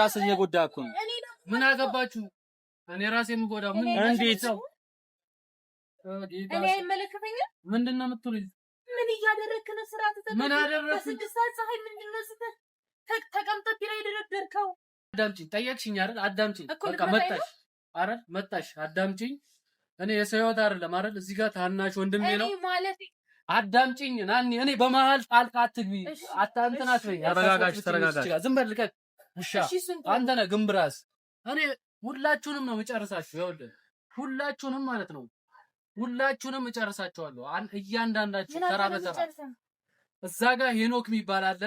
ራስ እየጎዳ እኮ ነው። ምን አገባችሁ? እኔ ራሴ የምጎዳ ምን እንዴት ነው? እኔ አይመለከተኝም። ምንድነው የምትሉኝ? ምን እያደረግክ ነው? ስራ ተተቀምጠ ምን አደረክ? በስድስት ሰዓት ፀሐይ ምንድነው ስትል ተቀምጠ ቢራ የደረደርከው? አዳምጪኝ፣ ጠየቅሽኝ አይደል? አዳምጪኝ። በቃ መጣሽ አይደል? መጣሽ። አዳምጪኝ። እኔ የሰው ህይወት አይደለም አይደል? እዚህ ጋር ታናሽ ወንድሜ ነው ማለት አዳምጪኝ። ናኒ እኔ በመሀል ጣልቃ አትግቢ። አታንተናት ወይ? ተረጋጋሽ፣ ተረጋጋሽ። ዝም በል ልቀቅ ውሻ አንተ ነህ ግንብራስ። እኔ ሁላችሁንም ነው የምጨርሳችሁ። ይኸውልህ ሁላችሁንም ማለት ነው ሁላችሁንም እጨርሳችኋለሁ። እያንዳንዳችሁ ተራ በተራ እዛ ጋር ሄኖክ የሚባል አለ፣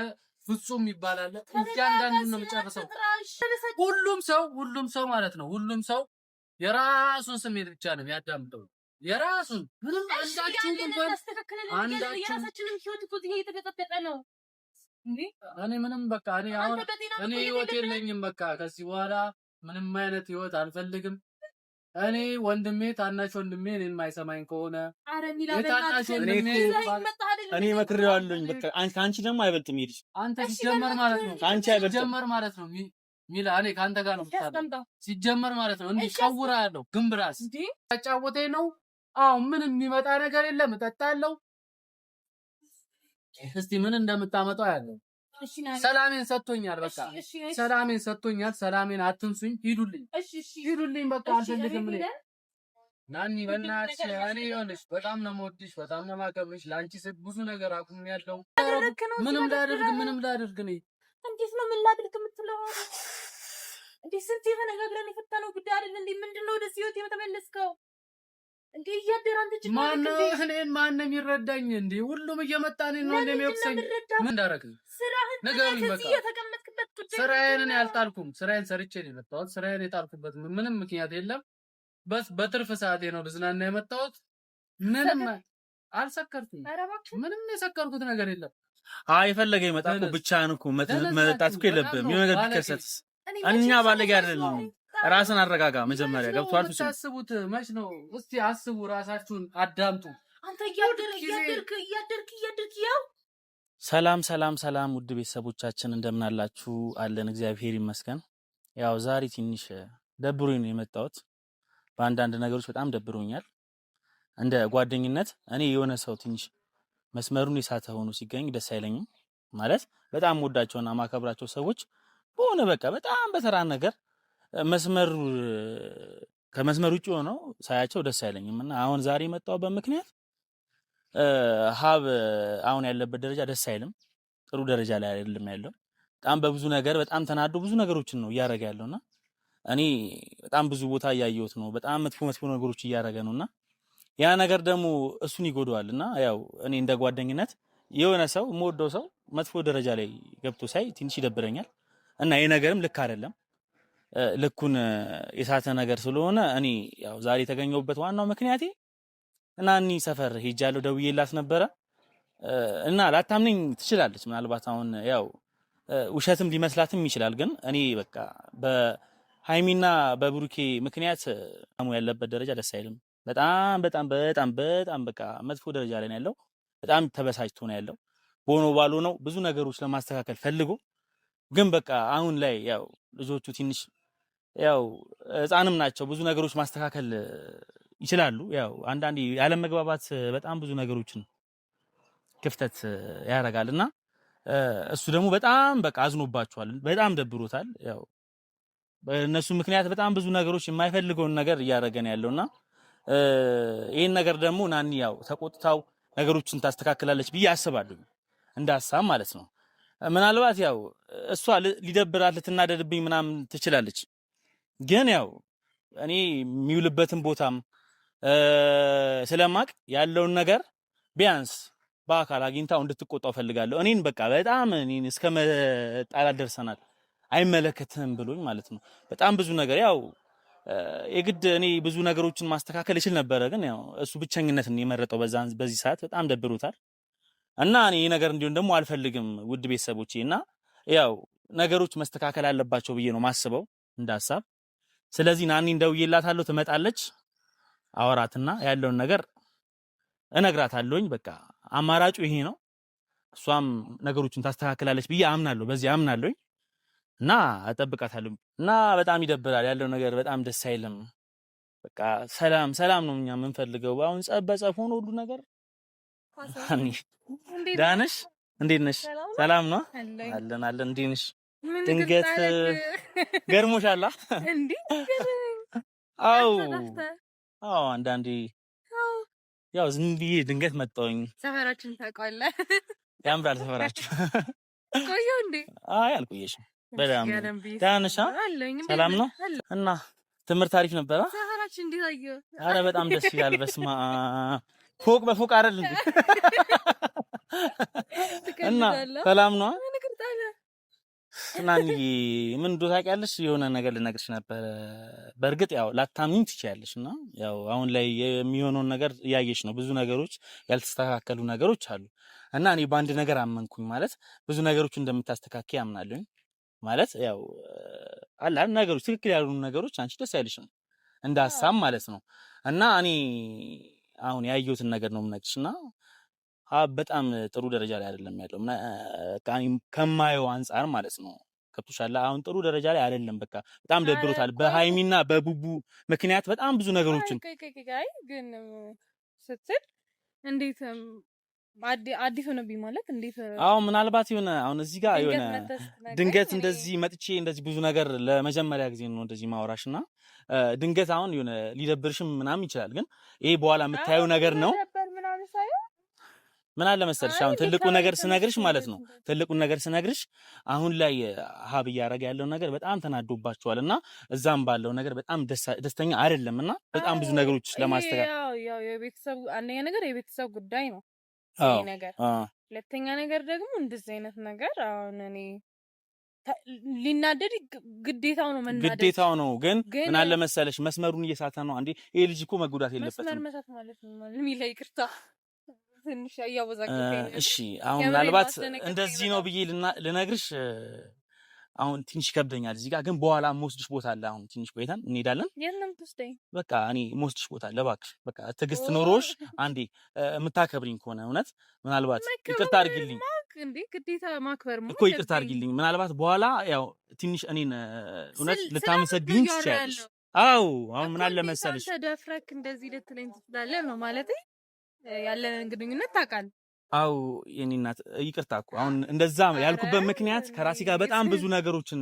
ፍጹም የሚባል አለ። እያንዳንዱን ነው የምጨርሰው። ሁሉም ሰው ሁሉም ሰው ማለት ነው ሁሉም ሰው የራሱን ስሜት ብቻ ነው የሚያዳምጠው የራሱን ምንም አንዳችሁ እንኳን አንዳችሁ የራሳችንን ህይወት እኮ እየተገጠጠጠ ነው እኔ ምንም በቃ እኔ አሁን እኔ ህይወት የለኝም። በቃ ከዚህ በኋላ ምንም አይነት ህይወት አልፈልግም። እኔ ወንድሜ ታናሽ ወንድሜ እኔን የማይሰማኝ ከሆነ እኔ መክሬዋለሁኝ። በቃ አንቺ ደግሞ አይበልጥም። ሄድሽ አንተ ሲጀመር ማለት ነው አንቺ አይበልጥም ሲጀመር ማለት ነው ሚላ እኔ ከአንተ ጋር ነው ምታለው ሲጀመር ማለት ነው። እንዲህ ቀውራ ያለው ግንብራስ ያጫወተኝ ነው። አዎ ምንም የሚመጣ ነገር የለም። እጠጣለሁ እስቲ ምን እንደምታመጣው ያለው ሰላሜን ሰጥቶኛል። በቃ ሰላሜን ሰጥቶኛል። ሰላሜን አትንሱኝ። ሂዱልኝ፣ ሂዱልኝ። በቃ አልፈልግም። ናኒ በእናትሽ እኔ ይኸውልሽ፣ በጣም ነው የምወድሽ፣ በጣም ነው የማከብርሽ። ለአንቺ ስል ብዙ ነገር ያለው ምንም ላድርግ፣ ምንም ላድርግ። እኔ እንዴት ነው ምን ላድርግ የምትለው? እንዴት ስንት የሆነ ነገር ብለን የፈታነው ጉዳይ አይደል? ምንድን ነው ወደ ሲዮት የተመለስከው? እንዴ እያደረ እያደራን ትችላለህ? ማነው እኔን ማን ነው የሚረዳኝ? እንዴ ሁሉም እየመጣ እኔን ነው እንደሚወቅሰኝ። ምን እንዳደረግ ነው ስራህን? ነገሩን በቃ የተቀመጥክበት ጉዳይ ስራዬን እኔ አልጣልኩም። ስራዬን ሰርቼ ነው የመጣሁት። ስራዬን የጣልኩበት ምንም ምክንያት የለም። በስ በትርፍ ሰዓቴ ነው ልዝናና የመጣሁት። ምንም አልሰከርኩም። ምንም የሰከርኩት ነገር የለም። አይ የፈለገ ይመጣ እኮ ብቻህን እኮ መጣት እኮ የለብህም። የሆነ ነገር ቢከሰትስ እኛ ባለጌ አይደለም ራስን አረጋጋ። መጀመሪያ ገብቷል። ታስቡት መች ነው? እስቲ አስቡ፣ ራሳችሁን አዳምጡ። አንተ እያደርክ እያደርክ እያደርክ ያው ሰላም ሰላም ሰላም፣ ውድ ቤተሰቦቻችን እንደምን አላችሁ? አለን እግዚአብሔር ይመስገን። ያው ዛሬ ትንሽ ደብሮኝ ነው የመጣሁት። በአንዳንድ ነገሮች በጣም ደብሮኛል። እንደ ጓደኝነት እኔ የሆነ ሰው ትንሽ መስመሩን የሳተ ሆኖ ሲገኝ ደስ አይለኝም። ማለት በጣም ወዳቸውና ማከብራቸው ሰዎች በሆነ በቃ በጣም በተራ ነገር መስመር ከመስመር ውጭ ሆነው ሳያቸው ደስ አይለኝም እና አሁን ዛሬ የመጣሁበት ምክንያት ሀብ አሁን ያለበት ደረጃ ደስ አይልም። ጥሩ ደረጃ ላይ አይደለም ያለው። በጣም በብዙ ነገር በጣም ተናዶ ብዙ ነገሮችን ነው እያደረገ ያለውና እኔ በጣም ብዙ ቦታ እያየሁት ነው። በጣም መጥፎ መጥፎ ነገሮች እያደረገ ነውና ያ ነገር ደግሞ እሱን ይጎዳዋል። እና ያው እኔ እንደ ጓደኝነት የሆነ ሰው የምወደው ሰው መጥፎ ደረጃ ላይ ገብቶ ሳይ ትንሽ ይደብረኛል እና ይህ ነገርም ልክ አይደለም። ልኩን የሳተ ነገር ስለሆነ እኔ ያው ዛሬ የተገኘሁበት ዋናው ምክንያቴ እና እኒ ሰፈር ሄጃለሁ። ደውዬላት ነበረ እና ላታምነኝ ትችላለች። ምናልባት አሁን ያው ውሸትም ሊመስላትም ይችላል። ግን እኔ በቃ በሃይሚና በብሩኬ ምክንያት ሙ ያለበት ደረጃ ደስ አይልም። በጣም በጣም በጣም በጣም በቃ መጥፎ ደረጃ ላይ ያለው። በጣም ተበሳጭቶ ነው ያለው። ሆኖ ባሎ ነው ብዙ ነገሮች ለማስተካከል ፈልጎ ግን በቃ አሁን ላይ ያው ልጆቹ ትንሽ ያው ህፃንም ናቸው ብዙ ነገሮች ማስተካከል ይችላሉ። ያው አንዳንዴ ያለመግባባት በጣም ብዙ ነገሮችን ክፍተት ያደርጋል እና እሱ ደግሞ በጣም በቃ አዝኖባቸዋል፣ በጣም ደብሮታል። ያው በእነሱ ምክንያት በጣም ብዙ ነገሮች የማይፈልገውን ነገር እያደረገን ያለውና ይህን ነገር ደግሞ ናኒ ያው ተቆጥታው ነገሮችን ታስተካክላለች ብዬ አስባለሁ፣ እንደ ሀሳብ ማለት ነው። ምናልባት ያው እሷ ሊደብራት ልትናደድብኝ ምናምን ትችላለች ግን ያው እኔ የሚውልበትን ቦታም ስለማቅ ያለውን ነገር ቢያንስ በአካል አግኝታው እንድትቆጣው ፈልጋለሁ። እኔን በቃ በጣም እኔን እስከ መጣላት ደርሰናል። አይመለከትም ብሎኝ ማለት ነው። በጣም ብዙ ነገር ያው የግድ እኔ ብዙ ነገሮችን ማስተካከል ይችል ነበረ፣ ግን ያው እሱ ብቸኝነትን የመረጠው በዚህ ሰዓት በጣም ደብሮታል እና እኔ ይህ ነገር እንዲሁም ደግሞ አልፈልግም ውድ ቤተሰቦቼ እና ያው ነገሮች መስተካከል አለባቸው ብዬ ነው ማስበው እንደ ሀሳብ ስለዚህ ናኒን ደውዬላታለሁ። ትመጣለች፣ አወራትና ያለውን ነገር እነግራታለሁኝ። በቃ አማራጩ ይሄ ነው። እሷም ነገሮችን ታስተካክላለች ብዬ አምናለሁ፣ በዚህ አምናለሁኝ እና እጠብቃታለሁ። እና በጣም ይደብራል ያለው ነገር፣ በጣም ደስ አይልም። በቃ ሰላም ሰላም ነው እኛ የምንፈልገው። አሁን ጸብ በጸብ ሆኖ ሁሉ ነገር። ዳንሽ፣ እንዴት ነሽ? ሰላም ነው አለን አለን። እንዴት ነሽ? ድንገት ገርሞሻላ እንዴ? አው አው አንዳንዴ ያው ዝም ብዬ ድንገት መጣሁኝ። ሰፈራችን ታውቀዋለህ? ያምራል ሰፈራችን። ቆየሁ እንዴ? አይ አልቆየሽም። በጣም ደህና ነሽ? ሰላም ነው እና ትምህርት አሪፍ ነበረ? ሰፈራችን እንዴት አየሁ። አረ በጣም ደስ ይላል። በስማ ፎቅ በፎቅ አይደል እንዴ? እና ሰላም ነው እናንዬ ምን እንዶ ታውቂያለሽ፣ የሆነ ነገር ልነግርሽ ነበረ። በእርግጥ ያው ላታምኝ ትችያለሽ፣ እና ያው አሁን ላይ የሚሆነውን ነገር እያየሽ ነው። ብዙ ነገሮች ያልተስተካከሉ ነገሮች አሉ እና እኔ በአንድ ነገር አመንኩኝ ማለት ብዙ ነገሮች እንደምታስተካክ ያምናለኝ ማለት ያው አለ ነገሮች ትክክል ያሉ ነገሮች አንቺ ደስ ያለሽ ነው እንደ ሀሳብ ማለት ነው እና እኔ አሁን ያየሁትን ነገር ነው የምነግርሽ እና በጣም ጥሩ ደረጃ ላይ አይደለም ያለው ከማየው አንጻር ማለት ነው። ገብቶሻል? አሁን ጥሩ ደረጃ ላይ አይደለም። በቃ በጣም ደብሮታል። በሀይሚና በቡቡ ምክንያት በጣም ብዙ ነገሮችን ግን ስትል እንዴት አዲስ ሆነብኝ ማለት እንዴት? አዎ ምናልባት የሆነ አሁን እዚህ ጋር የሆነ ድንገት እንደዚህ መጥቼ እንደዚህ ብዙ ነገር ለመጀመሪያ ጊዜ ነው እንደዚህ ማውራሽ እና ድንገት አሁን የሆነ ሊደብርሽም ምናምን ይችላል። ግን ይሄ በኋላ የምታየው ነገር ነው ምን አለ መሰልሽ፣ አሁን ትልቁ ነገር ስነግርሽ ማለት ነው ትልቁ ነገር ስነግርሽ አሁን ላይ ሀብ እያደረገ ያለው ነገር በጣም ተናዶባቸዋል እና እዛም ባለው ነገር በጣም ደስተኛ አይደለም እና በጣም ብዙ ነገሮች ለማስተካከል ያው የቤተሰብ አንደኛ ነገር የቤተሰብ ጉዳይ ነው ነገር፣ ሁለተኛ ነገር ደግሞ እንደዚህ አይነት ነገር አሁን እኔ ሊናደድ ግዴታው ነው መናደድ ግዴታው ነው። ግን ምን አለ መሰለሽ መስመሩን እየሳተ ነው። አንዴ ይሄ ልጅ እኮ መጉዳት የለበትም መስመር መሳት ማለት ነው። ይቅርታ ትንሽ እያወዛገብኝ። እሺ አሁን ምናልባት እንደዚህ ነው ብዬ ልነግርሽ አሁን ትንሽ ይከብደኛል። እዚህ ጋር ግን በኋላ የምወስድሽ ቦታ አለ። አሁን ትንሽ ቆይተን እንሄዳለን። በቃ እኔ የምወስድሽ ቦታ አለ። እባክሽ በቃ ትዕግስት ኖሮሽ አንዴ የምታከብሪኝ ከሆነ እውነት ምናልባት ይቅርታ አድርጊልኝ እኮ ይቅርታ አድርጊልኝ። ምናልባት በኋላ ያው ትንሽ እኔን እውነት ልታመሰግኝ ትችያለሽ። አዎ አሁን ምን አለ መሰለሽ ተደፍረክ እንደዚህ ልትለኝ ትችላለህ ነው ማለት ያለንን ግንኙነት ታውቃለህ። አው የኔ እናት ይቅርታ እኮ አሁን እንደዛ ያልኩበት ምክንያት ከራሴ ጋር በጣም ብዙ ነገሮችን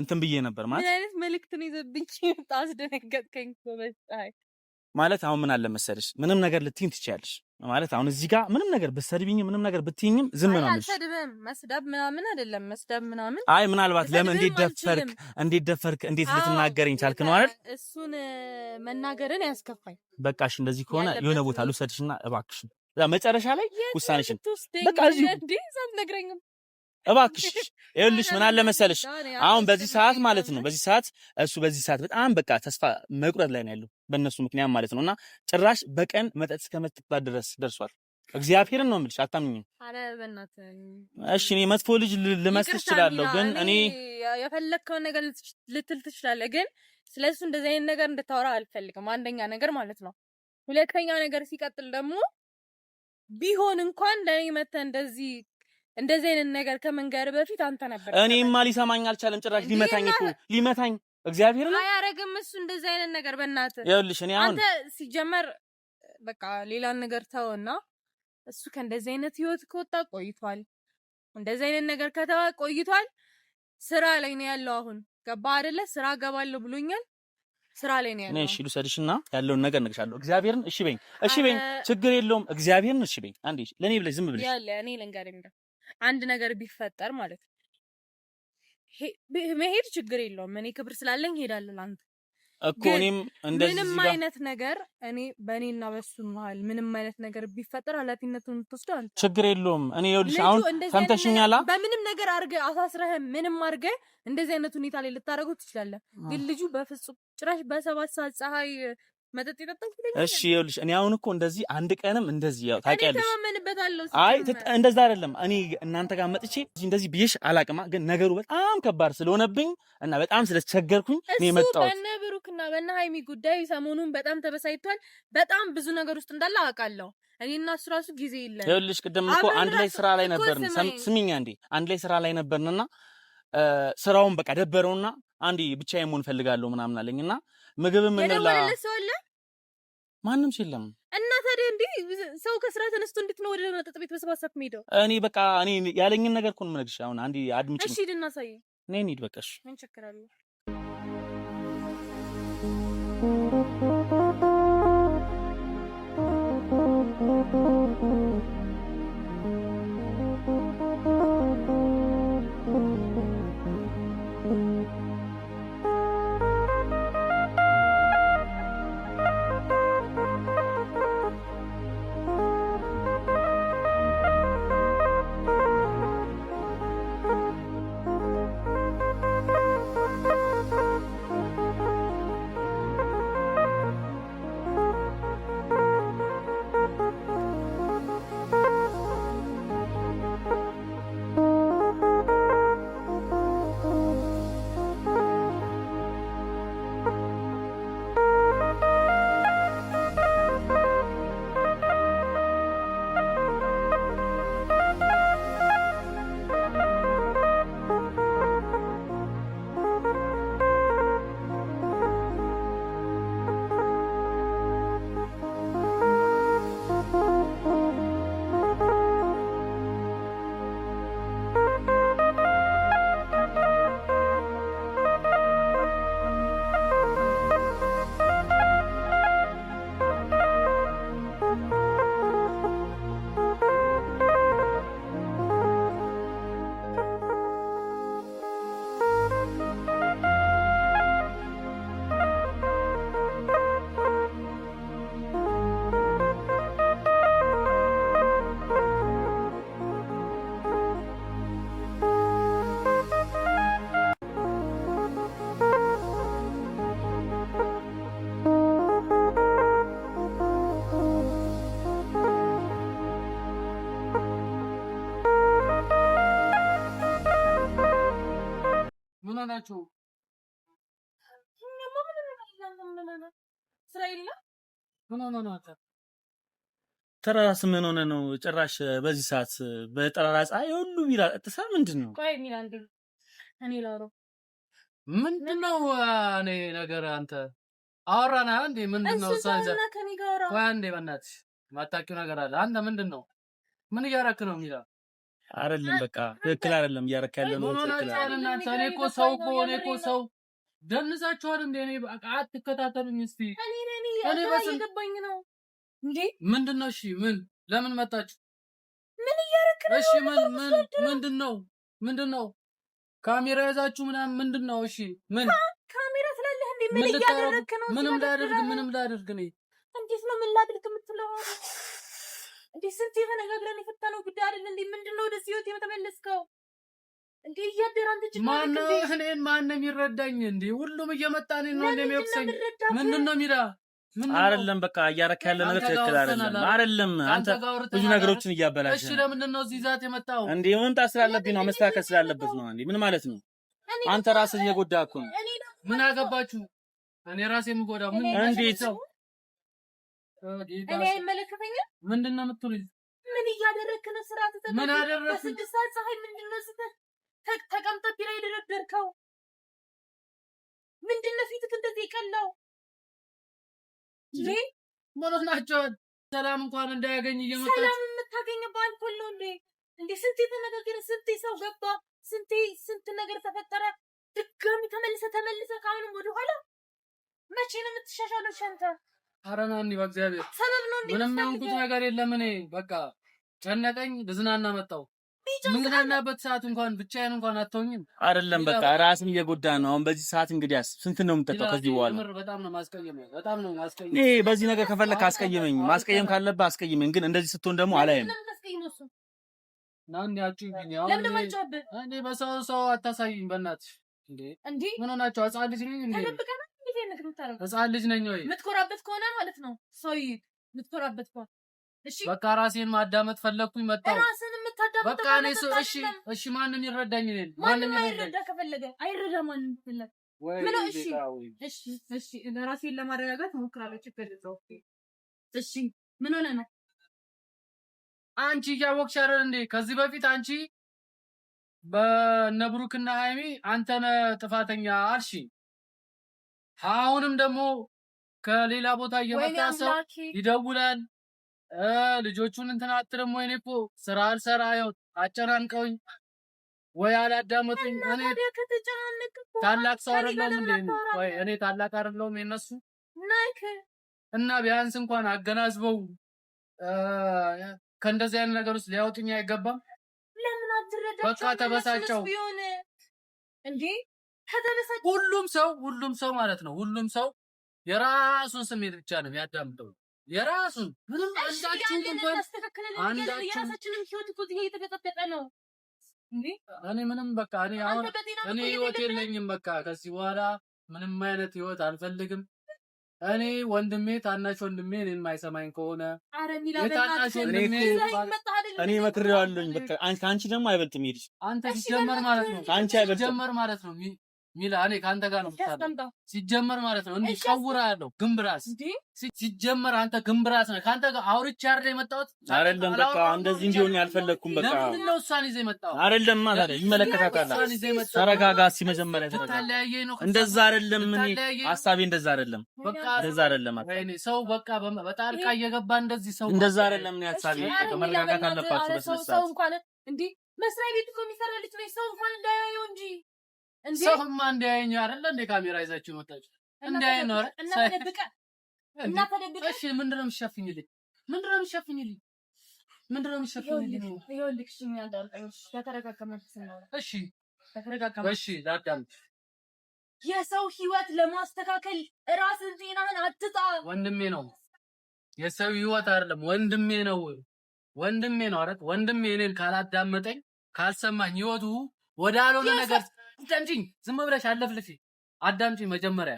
እንትን ብዬ ነበር። ማለት ምን አይነት መልእክት ነው ይዘብኝ? አስደነገጥከኝ። ማለት አሁን ምን አለ መሰለሽ፣ ምንም ነገር ልትይኝ ትችያለሽ። ማለት አሁን እዚህ ጋር ምንም ነገር ብትሰድቢኝም ምንም ነገር ብትይኝም ዝም ነው አልሽ። መስደብ ምናምን አይደለም መስደብ ምናምን። አይ ምናልባት ለምን እንዴት ደፈርክ፣ እንዴት ደፈርክ፣ እንዴት ልትናገረኝ ቻልክ ነው አይደል? እሱን መናገርን ያስከፋኝ። በቃሽ፣ እንደዚህ ከሆነ የሆነ ቦታ ልውሰድሽና እባክሽ መጨረሻ ላይ ውሳኔሽን በቃ እዚሁ እባክሽ ይኸውልሽ፣ ምን አለ መሰለሽ፣ አሁን በዚህ ሰዓት ማለት ነው በዚህ ሰዓት እሱ በዚህ ሰዓት በጣም በቃ ተስፋ መቁረጥ ላይ ነው ያለው በእነሱ ምክንያት ማለት ነው። እና ጭራሽ በቀን መጠጥ እስከመጠጣት ድረስ ደርሷል። እግዚአብሔርን ነው የምልሽ፣ አታምኝም። እሺ፣ እኔ መጥፎ ልጅ ልመስል እችላለሁ፣ ግን እኔ የፈለግከውን ነገር ልትል ትችላለህ፣ ግን ስለሱ እንደዚህ አይነት ነገር እንድታወራ አልፈልግም። አንደኛ ነገር ማለት ነው። ሁለተኛ ነገር ሲቀጥል ደግሞ ቢሆን እንኳን ለእኔ መተህ እንደዚህ እንደዚህ አይነት ነገር ከመንገር በፊት አንተ ነበር። እኔማ ሊሰማኝ አልቻለም። ጭራሽ ሊመታኝ እኮ ሊመታኝ እግዚአብሔር ነው አያረግም። እሱ እንደዚህ አይነት ነገር በእናትህ ይኸውልሽ፣ እኔ አሁን አንተ ሲጀመር በቃ ሌላ ነገር ተውና እሱ ከእንደዚህ አይነት ህይወት ከወጣ ቆይቷል። እንደዚህ አይነት ነገር ከተዋ ቆይቷል። ስራ ላይ ነው ያለው። አሁን ገባ አይደለ? ስራ ገባለሁ ብሎኛል። ስራ ላይ ነው ያለው። እሺ ልውሰድሽና ያለውን ነገር እነግርሻለሁ። እግዚአብሔርን እሺ በይኝ፣ እሺ በይኝ፣ ችግር የለውም። እግዚአብሔርን እሺ በይኝ። አንዴ ለኔ ብለሽ ዝም ብለሽ ያለ እኔ ልንገርህ አንድ ነገር ቢፈጠር ማለት ነው መሄድ ችግር የለውም። እኔ ክብር ስላለኝ ሄዳለሁ። ላንተ እኮ እኔም እንደዚህ ምንም አይነት ነገር እኔ በእኔና በሱ መሀል ምንም አይነት ነገር ቢፈጠር ኃላፊነቱን የምትወስደው አንተ። ችግር የለውም። እኔ ይኸውልሽ አሁን ሰምተሽኛል። በምንም ነገር አድርገህ አሳስረህ ምንም አድርገህ እንደዚህ አይነት ሁኔታ ላይ ልታደርገው ትችላለህ፣ ግን ልጁ በፍጹም ጭራሽ በሰባት ሰዓት ፀሐይ እሺ ይኸውልሽ፣ እኔ አሁን እኮ እንደዚህ አንድ ቀንም እንደዚህ ያው ታውቂያለሽ። አይ እንደዛ አይደለም። እኔ እናንተ ጋር መጥቼ እንደዚህ ብዬሽ አላቅማ፣ ግን ነገሩ በጣም ከባድ ስለሆነብኝ እና በጣም ስለተቸገርኩኝ እኔ መጣሁት። በእነ ብሩክና በእነ ሀይሚ ጉዳይ ሰሞኑን በጣም ተበሳይቷል። በጣም ብዙ ነገር ውስጥ እንዳለ አውቃለሁ። እኔ እና እሱ ራሱ ጊዜ የለን። ይኸውልሽ፣ ቅድም እኮ አንድ ላይ ስራ ላይ ነበርን። ስሚኛ እንዴ፣ አንድ ላይ ስራ ላይ ነበርንና ስራውን በቃ ደበረውና አንዴ ብቻዬን መሆን እፈልጋለሁ ምናምን አለኝና ምግብ እንብላ ማንም የለም። እና ታዲያ እንዴ ሰው ከስራ ተነስቶ እንዴት ነው ወደ መጠጥ ቤት በሰባት ሰዓት የሚሄደው? እኔ በቃ እኔ ያለኝን ነገር እኮ ነው የምነግርሽ። አሁን አንዴ አድምጪኝ እሺ። ሂድና ሳይ ነኝ። ሂድ በቃ እሺ። ምን ችግር አለ? ናቸው። ተራራ ምን ሆነ ነው? ጭራሽ በዚህ ሰዓት በጠራራ ፀሐይ ሁሉ ቢራ ጥሳ ምንድን ነው? ቆይ ምንድን ነው እኔ ነገር አንተ አወራና ምንድን ነው? ቆይ አንዴ በእናትሽ ነገር አለ። አንተ ምንድን ነው ምን እያደረክ ነው የሚለው አይደለም በቃ ትክክል አይደለም። እያረካ ያለ ነው ትክክል አይደለም። እኔ እኮ ሰው እኮ እኔ እኮ ሰው ደንዛችኋል እንዴ? እኔ አትከታተሉኝ እስቲ እኔ በስልገባኝ ነው እንዴ? ምንድን ነው? እሺ ምን ለምን መጣችሁ? ምን እያረክ ነው? እሺ ምን ምን ምንድን ነው? ምንድን ነው? ካሜራ ይዛችሁ ምናምን ምንድን ነው? እሺ ምን ካሜራ ስላለህ እንዴ? ምን እያደረክ ነው? ምንም ላድርግ ምንም ላድርግ እኔ እንዴት ነው ምን ላድርግ የምትለው እንዲህ ስንት ተነጋግረን የፈታነው ጉዳይ አይደል? እንዴ? ምንድነው ነው ወደዚህ ህይወት የተመለስከው? እንዴ እያደረ አንተ ጅማ ማነው? እኔን ማነው የሚረዳኝ? እንዴ ሁሉም እየመጣ ነው እንዴ እንደሚወቅሰኝ። ምንድን ነው የሚዳ አይደለም በቃ እያረካ ያለ ነገር ትክክል አይደለም። አይደለም አንተ ብዙ ነገሮችን እያበላሽ። እሺ ለምንድን ነው እዚህ ዛት የመጣው? እንዴ መምጣት ስላለብኝ ነው መስተካከል ስላለበት ነው። እንዴ ምን ማለት ነው? አንተ ራስህ እየጎዳህ እኮ ነው። ምን አገባችሁ? እኔ ራሴ የምጎዳው ምን እንዴት እኔ አይመለከተኝም። ምንድን ነው የምትሉኝ? ምን እያደረክ ነው? ስራ ተጠቅመህ ምን አደረግኩኝ? በስድስት ሰዓት ፀሐይ ምንድን ነው ስትል ተቀምጠህ ቢራ የደረደርከው ምንድን ነው? ፊትህ እንደዚህ የቀላው ሞሎት ናቸው። ሰላም እንኳን እንዳያገኝ እየመጣች ሰላም የምታገኘው በአልኮል ነው እንዴ? እንዴ ስንቴ ተነጋገረ፣ ስንቴ ሰው ገባ፣ ስንቴ ስንት ነገር ተፈጠረ። ድጋሚ ተመልሰ ተመልሰ ከአሁንም ወደኋላ መቼ ነው የምትሻሻለው ሸንተ አረና እንዲ በእግዚአብሔር ሰበብ ነው እንዴ? ምንም የሆንኩት ነገር የለም። እኔ በቃ ጨነቀኝ፣ ልዝናና መጣው። ምዝናናበት ሰዓት እንኳን ብቻዬን እንኳን አተውኝም አይደለም። በቃ ራስን እየጎዳ ነው። አሁን በዚህ ሰዓት እንግዲያስ ስንት ነው የምጠጣው? ከዚህ በኋላ በጣም ነው ማስቀየም፣ በጣም ነው ማስቀየም። እኔ በዚህ ነገር ከፈለክ አስቀየመኝ፣ ማስቀየም ካለብህ አስቀየመኝ፣ ግን እንደዚህ ስትሆን ደግሞ አላየም። ያጩ ለምን በሰው ሰው አታሳይኝ በእናትህ። እንዴ ምን ሆናቸው? አጻልት ነኝ እንዴ ህፃን ልጅ ነኝ ወይ የምትኮራበት ከሆነ ማለት ነው ሰውዬ፣ የምትኮራበት ከሆነ እሺ በቃ ራሴን ማዳመጥ ፈለግኩኝ መጣሁ ራስን የምታዳመጥ በቃ እኔ ሰው እሺ እሺ ማንም ይረዳኝ እኔን ማንም አይረዳ ከፈለገ አይረዳ ማንም ይፈለግ ምን እሺ እሺ እሺ ራሴን ለማረጋጋት እሞክራለሁ ችግር የለውም እሺ ምን ሆነ ነው አንቺ እያወቅሽ አይደል እንዴ ከዚህ በፊት አንቺ በነብሩክና አንተ አንተነ ጥፋተኛ አልሽኝ አሁንም ደግሞ ከሌላ ቦታ እየመጣ ሰው ይደውላል። ልጆቹን እንትን አትልም ወይ? እኔ እኮ ስራ አልሰራ ያው አጨናንቀውኝ ወይ አላዳመጡኝ። እኔ ታላቅ ሰው አይደለሁም እንዴ? ወይ እኔ ታላቅ አይደለሁም የነሱ እና ቢያንስ እንኳን አገናዝበው ከእንደዚህ አይነት ነገር ውስጥ ሊያወጡኝ አይገባም። በቃ ተበሳጨው እንዴ ሁሉም ሰው ሁሉም ሰው ማለት ነው ሁሉም ሰው የራሱን ስሜት ብቻ ነው የሚያዳምጠው። የራሱን ምንም አንዳችሁም እንኳን አንዳችሁም ህይወት እኮ እዚህ እየተገጠጠጠ ነው እንዴ! እኔ ምንም በቃ እኔ አሁን እኔ ህይወት የለኝም። በቃ ከዚህ በኋላ ምንም አይነት ህይወት አልፈልግም። እኔ ወንድሜ ታናሽ ወንድሜ እኔን የማይሰማኝ ከሆነ የታናሽ ወንድሜ እኔ መክሬዋለሁኝ። በቃ አንቺ ደግሞ አይበልጥም። ይሄድሽ አንተ ሲጀመር ማለት ነው አንቺ አይበልጥም ሲጀመር ማለት ነው ሚላ እኔ ከአንተ ጋር ነው የምታለው። ሲጀመር ማለት ነው እንዲቀውራ ያለው ግንብራስ ሲጀመር አንተ ግንብራስ ነህ። ከአንተ ጋር አውርቼ አይደል የመጣሁት። አይደለም በቃ እንደዚህ እንዲሆን ያልፈለግኩም። በቃ ለምን ነው እሷን ይዘህ የመጣሁት? አይደለም ማለት ይመለከታታል። ተረጋጋ። እስኪ መጀመሪያ ተረጋጋ። እንደዛ አይደለም እኔ ሀሳቤ እንደዛ አይደለም። እንደዛ አይደለም። አይ ሰው በቃ በጣልቃ እየገባ እንደዚህ ሰው እንደዛ አይደለም። እኔ ሀሳቤ መረጋጋት አለባችሁ። በስነ ስርዓት ሰው እንኳን እንዲህ መስሪያ ቤት እኮ የሚሰራ ልጅ ነኝ። ሰው እንኳን እንዳያየው እንጂ ሰውማ እንዳያየኝ አይደለ እንደ ካሜራ ይዛችሁ መጣችሁ። እንዳያየኝ ነው አይደል? እና ተደብቀ እሺ ምንድን ነው የምትሸፍኝልኝ? ምንድን ነው የምትሸፍኝልኝ? ምንድን ነው የምትሸፍኝልኝ? ይኸውልህ፣ እሺ ተረጋጋ። መብት ነው። ላዳምጥ። የሰው ህይወት ለማስተካከል ራስን ጤናህን አትጣ። ወንድሜ ነው የሰው ህይወት አይደለም፣ ወንድሜ ነው። ወንድሜ ነው አይደል? ወንድሜ እኔን ካላዳመጠኝ ካልሰማኝ ህይወቱ ወደ አልሆነ ነገር አዳምጪኝ። ዝም ብለሽ አለፍልፊ። አዳምጪኝ መጀመሪያ።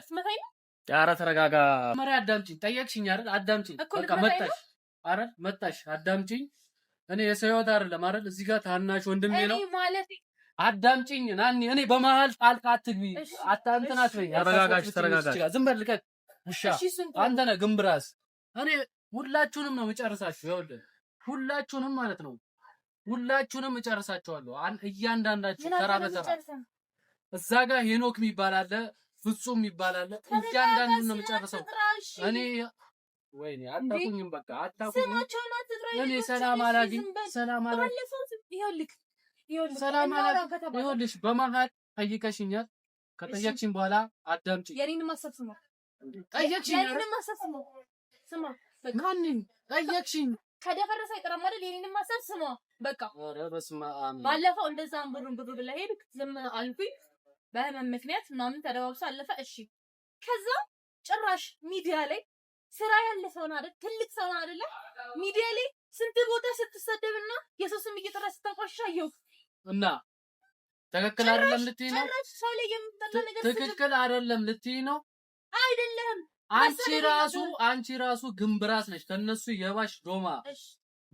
ኧረ ተረጋጋ። መጀመሪያ አዳምጪኝ። ጠየቅሽኝ አይደል? አዳምጪኝ። በቃ መጣሽ አይደል? መጣሽ። አዳምጪኝ። እኔ የሰው ህይወት አይደለም አይደል? እዚህ ጋር ታናሽ ወንድሜ ነው። አዳምጪኝ። ናኒ እኔ በመሀል ጣልቃ አትግቢ። አታንትናት በይ። ተረጋጋሽ፣ ተረጋጋሽ። ዝም በል ልቀቅ። ውሻ አንተ ነህ ግንብራስ። እኔ ሁላችሁንም ነው የምጨርሳችሁ። ይኸውልህ ሁላችሁንም ማለት ነው ሁላችሁንም እጨርሳችኋለሁ። እያንዳንዳችሁ ተራ በተራ እዛ ጋር ሄኖክ የሚባል አለ፣ ፍጹም የሚባል አለ። እያንዳንዱን ነው የምጨርሰው እኔ። ወይኔ አታቁኝም፣ በቃ አታቁኝም። እኔ ሰላም አላግኝ፣ ሰላም አላግኝ። ሰላም አላግኝ። ይኸውልሽ በመሀል ጠይቀሽኛል። ከጠየቅሽኝ በኋላ አዳምጪ። የኔን ማሰብ ስማ። ጠየቅሽኝ፣ የኔን ማሰብ ስማ። ስማ ማንን ጠየቅሽኝ? ከደፈረሰ አይቀርም አይደል? የኔን ማሰብ ስማ። በቃ ኧረ በስመ አብ። ባለፈው እንደዛ ብሩን ብሩ ብለህ ሄድክ፣ ዝም አልኩኝ በህመም ምክንያት ምናምን ተደባብሶ አለፈ። እሺ ከዛ ጭራሽ ሚዲያ ላይ ስራ ያለ ሰውን አይደል ትልቅ ሰውን አይደለ ሚዲያ ላይ ስንት ቦታ ስትሰደብና የሰው ስም እየጠራ ስታቋሻ አየሁት እና ትክክል አይደለም ልትይ ነው። ሰው ላይ የምትጠላ ነገር ትክክል አይደለም ልትይ ነው። አይደለም አንቺ ራሱ አንቺ ራሱ ግንብራስ ነሽ። ከነሱ የባሽ ዶማ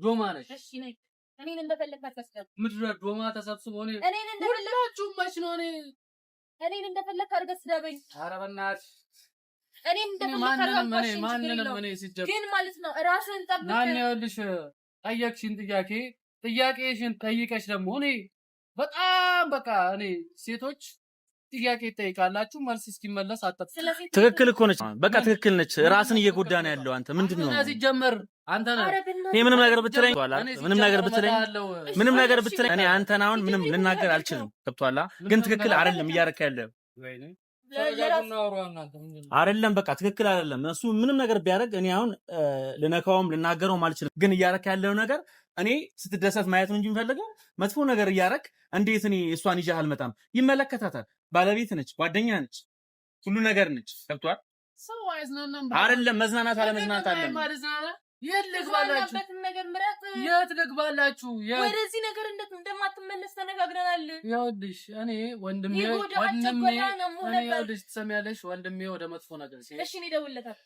ዶማ ነሽ። እሺ ነኝ እኔን እንደፈለግህ አታስቀር። ምድረ ዶማ ተሰብስቦ ነው ሁላችሁም መች ነው እኔ እኔን እንደፈለክ አድርገህ ስደበኝ። ኧረ በእናትህ ግን ማለት ነው ጠብቅ። ይኸውልሽ፣ ጥያቄ ጥያቄሽን ጠይቀሽ ደግሞ እኔ በጣም በቃ እኔ ሴቶች ጥያቄ ይጠይቃላችሁ፣ መልስ እስኪመለስ አጠፍ። ትክክል እኮ ነች፣ በቃ ትክክል ነች። ራስን እየጎዳ ነው ያለው። አንተ ምንድን ነው ሲጀመር? አንተ ነህ ምንም ነገር ብትለኝ ምንም ነገር ብትለኝ ምንም ነገር ብትለኝ እኔ አንተን አሁን ምንም ልናገር አልችልም። ገብቶሃል? ግን ትክክል አይደለም እያደረክ ያለው አይደለም፣ በቃ ትክክል አይደለም። እሱ ምንም ነገር ቢያደርግ እኔ አሁን ልነካውም ልናገረውም አልችልም። ግን እያደረክ ያለው ነገር እኔ ስትደሰት ማየት ነው እንጂ የምፈልገው መጥፎ ነገር እያረግ እንዴት እኔ እሷን ይዤ አልመጣም? ይመለከታታል። ባለቤት ነች፣ ጓደኛ ነች፣ ሁሉ ነገር ነች። ገብቷል አይደለም? መዝናናት አለመዝናናት አለ የት ልግባላችሁ? ወደዚህ ነገር እንደማትመለስ ተነጋግረናል። ይኸውልሽ እኔ ወንድሜ ወንድሜ ትሰሚያለሽ፣ ወንድሜ ወደ መጥፎ ነገር እሺ፣ እኔ እደውልለታለሁ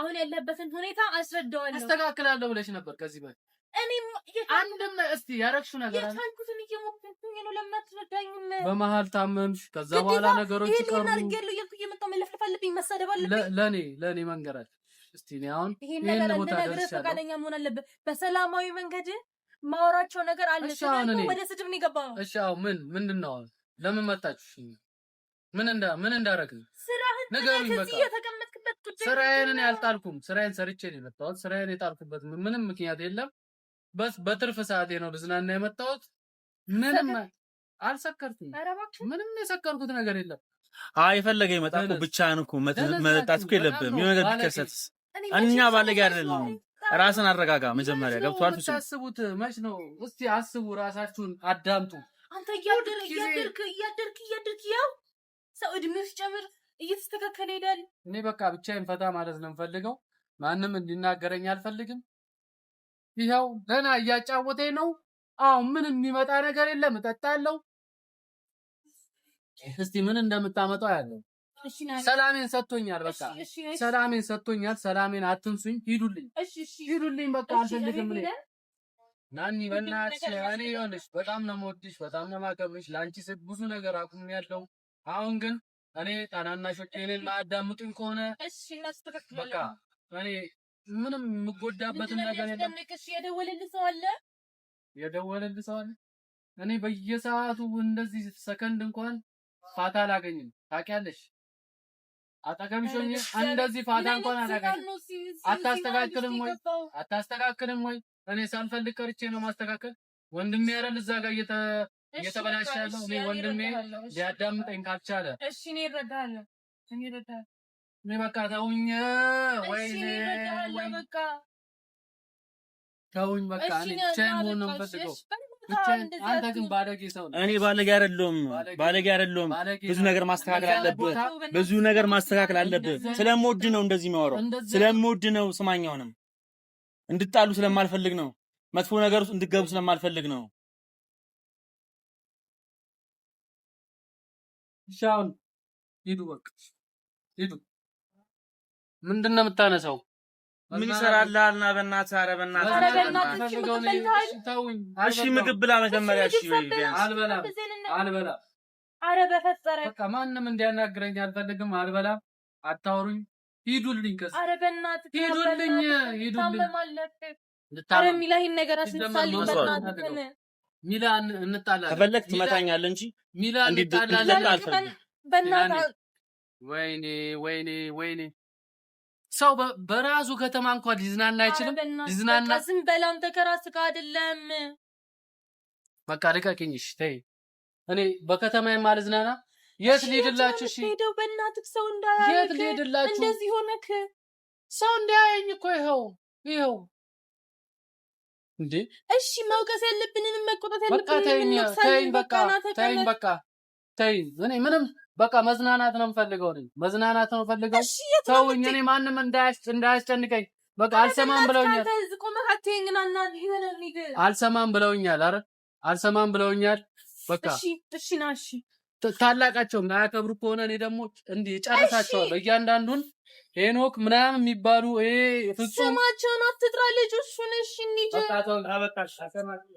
አሁን ያለበትን ሁኔታ አስረዳዋለሁ። አስተካክላለሁ ብለሽ ነበር ከዚህ በፊት። እኔም አንድም እስቲ ያረግሽው ነገር አለ የቻልኩትን እየሞከርኩኝ ነው። ለምን አትረዳኝም? በመሀል ታመምሽ። ከዛ በኋላ ነገሮች ይቀሩ። ይሄን አድርጌለሁ እያልኩ እየመጣሁ መለፍለፍ አለብኝ፣ መሳደብ አለብኝ። ለኔ ለኔ መንገራት እስቲ እኔ አሁን ይሄን ነገር እንድነግርህ ፈቃደኛ መሆን አለብህ። በሰላማዊ መንገድ ማወራቸው ነገር አለ። ስለዚህ ወደ ስድብ ነው የገባው። እሺ አሁን ምን ምንድን ነው? ለምን መጣችሁ? ምን እንዳ ምን እንዳረግን ስራህን ነገር ይመጣ ስራዬን ያልጣልኩም ስራዬን ሰርቼ ነው የመጣሁት። ስራዬን የጣልኩበት ምንም ምክንያት የለም። በስ በትርፍ ሰዓቴ ነው ልዝናና የመጣሁት። ምንም አልሰከርኩም። ምንም የሰከርኩት ነገር የለም። አይ የፈለገ ይመጣ እኮ ብቻህን እኮ መጠጣት እኮ የለብህም። የሆነ ነገር ቢከሰትስ? እኛ ባለጌ አይደለም። ራስን አረጋጋ መጀመሪያ። ገብቶሃል? ታስቡት መች ነው? እስቲ አስቡ፣ ራሳችሁን አዳምጡ። አንተ እያደርክ እያደርክ እያደርክ ያው ሰው እድሜ ሲጨምር እየተስተካከለ ሄዳል። እኔ በቃ ብቻዬን ፈታ ማለት ነው የምፈልገው። ማንም እንዲናገረኝ አልፈልግም። ይኸው ገና እያጫወተኝ ነው። አዎ ምን የሚመጣ ነገር የለም። እጠጣለሁ። እስቲ ምን እንደምታመጣው ያለው ሰላሜን ሰጥቶኛል። በቃ ሰላሜን ሰጥቶኛል። ሰላሜን አትንሱኝ። ሂዱልኝ፣ ሂዱልኝ። በቃ አልፈልግም። እኔ ናኒ በእናትሽ እኔ ይሆንሽ በጣም ነው የምወድሽ፣ በጣም ነው የማከብርሽ። ለአንቺ ስል ብዙ ነገር አቁሜያለሁ። አሁን ግን እኔ ታናናሾች እኔን ማያዳምጡኝ ከሆነ እሺ፣ እነሱ ትክክል በቃ እኔ ምንም የምጎዳበትን ነገር የለም። የደወለልህ ሰው አለ የደወለልህ ሰው አለ። እኔ በየሰዓቱ እንደዚህ ሰከንድ እንኳን ፋታ አላገኝም። ታውቂያለሽ፣ አጠገብሽ ሆኜ እንደዚህ ፋታ እንኳን አላገኝም። አታስተካክልም ወይ አታስተካክልም ወይ? እኔ ሳልፈልግ ቀርቼ ነው ማስተካከል። ወንድሜ ያረን እዛ ጋር እየተ እየተበላሸ ያለው እኔ ወንድሜ ሊያዳምጠኝ ካልቻለ እሺ፣ እኔ እረዳለሁ፣ እኔ እረዳለሁ። እኔ በቃ ተውኝ፣ በቃ ተውኝ፣ በቃ ብቻዬን መሆን ነው የምፈልገው። አንተ ግን ባለጌ ሰው እኔ ባለጌ አይደለሁም፣ ባለጌ አይደለሁም። ብዙ ነገር ማስተካከል አለብህ፣ ብዙ ነገር ማስተካከል አለብህ። ስለምወድ ነው እንደዚህ ስለምወድ ነው። ስማኝ፣ አሁንም እንድጣሉ ስለማልፈልግ ነው፣ መጥፎ ነገር ውስጥ እንድገቡ ስለማልፈልግ ነው። ሻውን ሂዱ፣ በቃ ሂዱ። ምንድን ነው የምታነሳው? ምን ይሰራልሃልና? በእናትህ ኧረ በእናትህ ኧረ በእናትህ፣ እሺ ምግብ ብላ መጀመሪያ። እሺ አልበላም፣ አልበላም። ኧረ በፈጠረ በቃ ማንም እንዲያናግረኝ አልፈልግም። አልበላም፣ አታውሩኝ፣ ሂዱልኝ፣ ከእዛ ኧረ በእናትህ ሂዱልኝ፣ ሂዱልኝ። ልታረም ይላል ይሄን ነገር አስነሳልኝ፣ በእናትህ ሚላ እንጣላለን። ከፈለክ ትመታኛለህ እንጂ ሚላ እንጣላለን። ወይኔ ወይኔ ወይኔ! ሰው በራሱ ከተማ እንኳን ሊዝናና አይችልም። ሊዝናና ዝም በላም ተከራስ አይደለም። በቃ ልቀቅኝ፣ እሺ ተይ። እኔ በከተማ የማልዝናና የት ልሄድላችሁ? እሺ ሄደው በእናትህ ሰው እንዳያየኝ፣ የት ልሄድላችሁ? እንደዚህ ሆነክ ሰው እንዳያየኝ እኮ ይኸው ይኸው እንዴ እሺ፣ መውቀስ ያለብንን መቆጣት ያለብንን በቃ ተይኝ፣ በቃ ተይኝ። እኔ ምንም በቃ መዝናናት ነው የምፈልገው፣ እኔ መዝናናት ነው የምፈልገው። ተውኝ፣ እኔ ማንም እንዳያስጨንቀኝ። በቃ አልሰማም ብለውኛል፣ አልሰማም ብለውኛል፣ አረ አልሰማም ብለውኛል። በቃ ታላቃቸውም አያከብሩ ከሆነ እኔ ደግሞ እንዲህ ጨርሳቸዋለሁ እያንዳንዱን ሄኖክ ምናምን የሚባሉ ይሄ ፍጹም ስማቸውን አትጥራ ልጅ እሱን እሺ እንጂ